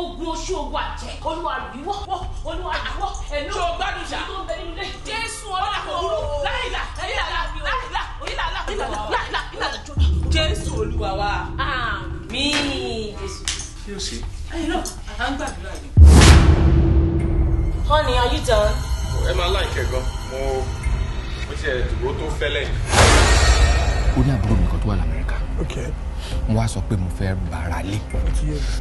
ogun oṣù ogun àjẹ́ olúwa lùwọ́ olúwa lùwọ́ ẹ̀mí òkú tó gbádùn ṣá tó ń bẹ nínú ilé jésù ọlọ́lá kò burú láìlà láìlà láìlà ìlà láìlà láìlà ìlà jésù olúwa wa àmín jésù. kí o ṣe. ẹyin náà àrà ń gbàdúrà yìí. honey are you done. ẹ máa láìkẹ gan mo mo ti ẹ dùgbò tó fẹlẹ. ó ní àbúrò mi kan tó wà lamẹ́ríkà mo wá sọ pé mo fẹ́ bára lé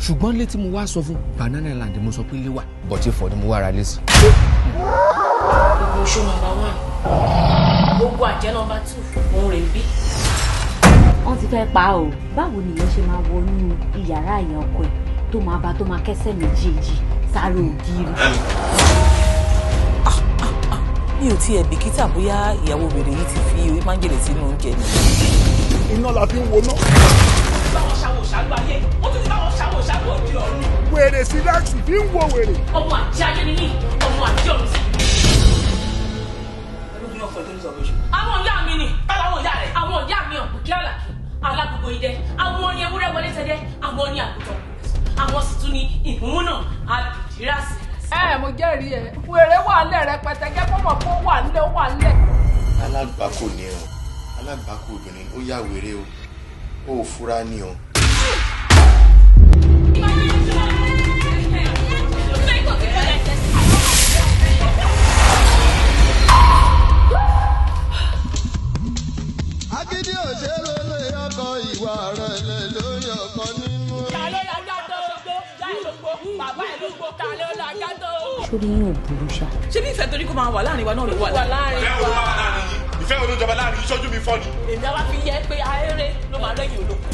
ṣùgbọ́n létí mo wá sọ fún banana island mo sọ pé ilé wà bọ̀tí fọ ni mo wá ra lé sí. ìgbésù nọmba one gbogbo àjẹ́ nọmba two òun rèé bí. wọ́n ti fẹ́ pa o báwo nìyẹn ṣe máa wọnú iyàrá àyàn ọkọ ẹ̀ tó máa bá tó máa kẹ́sẹ̀ méjèèjì sáré ògiri ah, ah, ah. mi ò tiẹ̀ bìkítà bóyá ìyàwó obìnrin yìí ti fi ewé májèlé sínú oúnjẹ mi iná la fi ń wo báwọn ṣàwọ̀ ṣàlù ayé wọ́n tún ti báwọn ṣàwọ̀ ṣàlù òde ọ̀run. wèrè sí láti fi ń wo wèrè. ọmọ àti ayé ni mí ọmọ àti ọ̀run sì ni. ẹlòmíràn fọ ìtọ́jú sọ̀rọ̀ oṣù. àwọn ìyá mi ni bára ìyá rẹ̀ àwọn ìyá mi ọ̀pọ̀ kí alágbogbo idẹ àwọn ni ewúrẹ́ wọlé tẹ́dẹ́ àwọn ni àgùntàn àwọn sì tún ni ẹ mo jẹ́rìí ẹ wèrè wà ń lẹ̀ rẹpẹtẹ gẹ́gẹ́ wà ń wà ń alágbàkọ ni o alágbàkú obìnrin ó yà wèrè o ó fura ni o. ṣé bí ìfẹ́ torí kó máa wà láàrin wa náà ló wà láàrin wa ìjọba láàrin ìṣojú mi fọ́ ni. èmi àwa fi yẹ pé ahéré ló máa lẹ́yìn olóko.